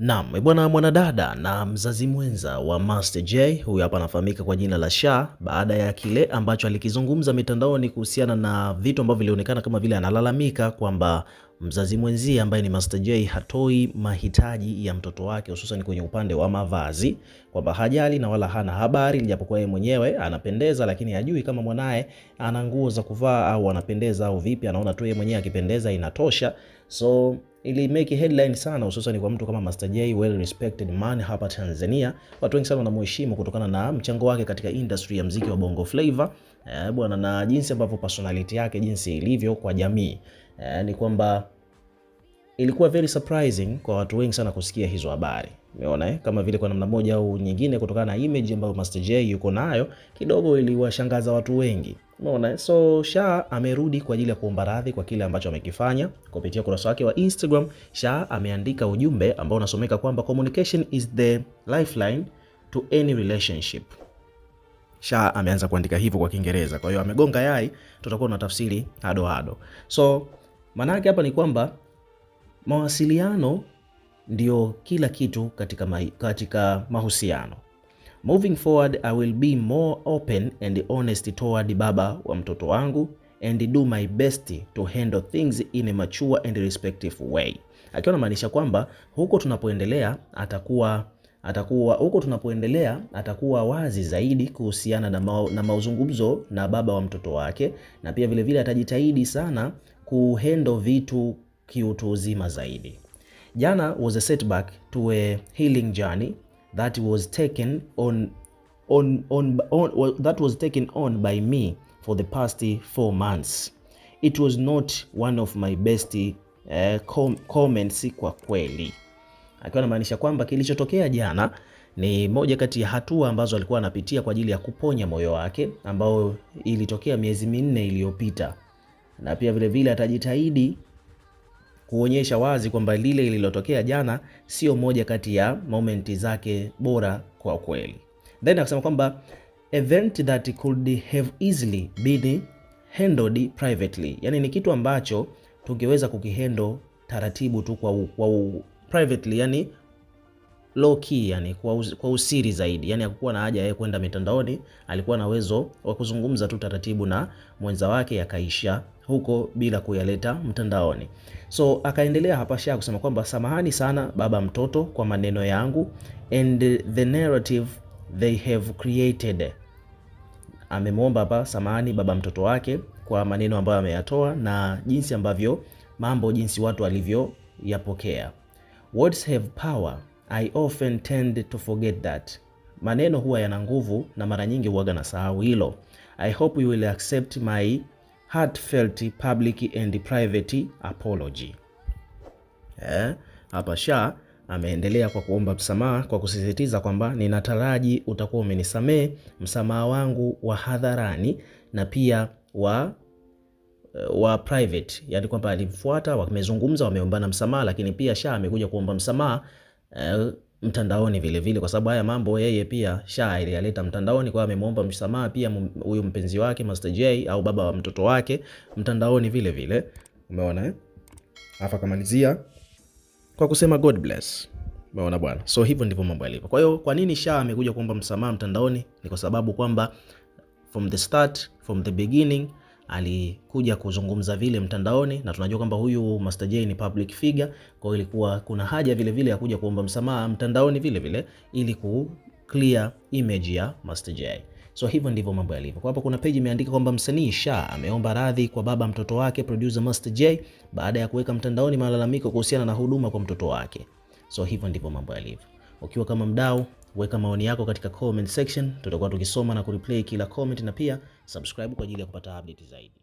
Naam, e bwana mwanadada na mzazi mwenza wa Master J, huyu hapa anafahamika kwa jina la Sha, baada ya kile ambacho alikizungumza mitandaoni kuhusiana na vitu ambavyo vilionekana kama vile analalamika kwamba mzazi mwenzie ambaye ni Master J hatoi mahitaji ya mtoto wake hususan kwenye upande wa mavazi, kwamba hajali na wala hana habari, japokuwa yeye mwenyewe anapendeza, lakini hajui kama mwanaye ana nguo za kuvaa au anapendeza au vipi. Anaona tu yeye mwenyewe akipendeza inatosha. So ili make headline sana, hususan kwa mtu kama Master J, well respected man hapa Tanzania. Watu wengi sana wanamheshimu kutokana na mchango wake katika industry ya mziki wa Bongo Flava eh, bwana, na jinsi ambavyo personality yake jinsi ilivyo kwa jamii, Eh, ni kwamba ilikuwa very surprising kwa watu wengi sana kusikia hizo habari. Umeona eh? Kama vile kwa namna moja au nyingine kutokana na image ambayo Master J yuko nayo kidogo iliwashangaza watu wengi. Umeona? Eh? So Sha amerudi kwa ajili ya kuomba radhi kwa kile ambacho amekifanya. Kupitia ukurasa wake wa Instagram, Sha ameandika ujumbe ambao unasomeka kwamba communication is the lifeline to any relationship. Sha ameanza kuandika hivyo kwa Kiingereza. Kwa hiyo amegonga yai, tutakuwa na tafsiri hado hado. So maana yake hapa ni kwamba mawasiliano ndio kila kitu katika, ma katika mahusiano. Moving forward I will be more open and honest toward baba wa mtoto wangu and do my best to handle things in a mature and respectful way. Akiwa anamaanisha kwamba huko tunapoendelea atakuwa atakuwa huko tunapoendelea atakuwa wazi zaidi kuhusiana na, ma na mauzungumzo na baba wa mtoto wake, na pia vilevile vile atajitahidi sana kuhandle vitu kiutu uzima zaidi. Jana was a setback to a healing journey that was taken on, on, on, on, that was taken on by me for the past four months. It was not one of my best uh, com comments kwa kweli, akiwa anamaanisha kwamba kilichotokea jana ni moja kati ya hatua ambazo alikuwa anapitia kwa ajili ya kuponya moyo wake ambao ilitokea miezi minne iliyopita, na pia vilevile atajitahidi kuonyesha wazi kwamba lile lililotokea jana sio moja kati ya momenti zake bora kwa kweli. Then akasema kwamba event that could have easily been handled privately, yani ni kitu ambacho tungeweza kukihendo taratibu tu kwa, kwa privately, yani low key, yani kwa, us, kwa usiri zaidi, yani hakukuwa na haja yeye kwenda mitandaoni. Alikuwa na uwezo wa kuzungumza tu taratibu na mwenza wake yakaisha huko bila kuyaleta mtandaoni. So akaendelea hapa Shah kusema kwamba samahani sana baba mtoto kwa maneno yangu and the narrative they have created. Amemwomba hapa samahani baba mtoto wake kwa maneno ambayo ameyatoa na jinsi ambavyo mambo jinsi watu walivyoyapokea. Words have power I often tend to forget that. Maneno huwa yana nguvu na mara nyingi huwaga sahau hilo. I hope you will accept my heartfelt public and private apology. Eh, hapa Sha ameendelea kwa kuomba msamaha kwa kusisitiza kwamba ninataraji utakuwa umenisamehe msamaha wangu wa hadharani na pia wa eh, wa private, yani kwamba alimfuata, wamezungumza, wameombana msamaha, lakini pia Sha amekuja kuomba msamaha Eh, mtandaoni vile vile, kwa sababu haya mambo yeye pia sha aliyaleta mtandaoni, kwa amemwomba msamaha pia huyu mpenzi wake Master J au baba wa mtoto wake mtandaoni vile vile, umeona eh? Alafu kamalizia kwa kusema God bless. Umeona bwana, so hivyo ndivyo mambo yalivyo. Kwa hiyo kwa nini Sha amekuja kuomba msamaha mtandaoni? Ni kwa sababu kwamba from the start, from the beginning alikuja kuzungumza vile mtandaoni, na tunajua kwamba huyu Master J ni public figure, kwa ilikuwa kuna haja vile vile ya kuja kuomba msamaha mtandaoni vile vile ili ku clear image ya Master J. So hivyo ndivyo mambo yalivyo. Kwa hapo kuna page imeandika kwamba msanii Sha ameomba radhi kwa baba mtoto wake producer Master J baada ya kuweka mtandaoni malalamiko kuhusiana na huduma kwa mtoto wake. So hivyo ndivyo mambo yalivyo. Ukiwa kama mdau, weka maoni yako katika comment section, tutakuwa tukisoma na kureplay kila comment, na pia subscribe kwa ajili ya kupata update zaidi.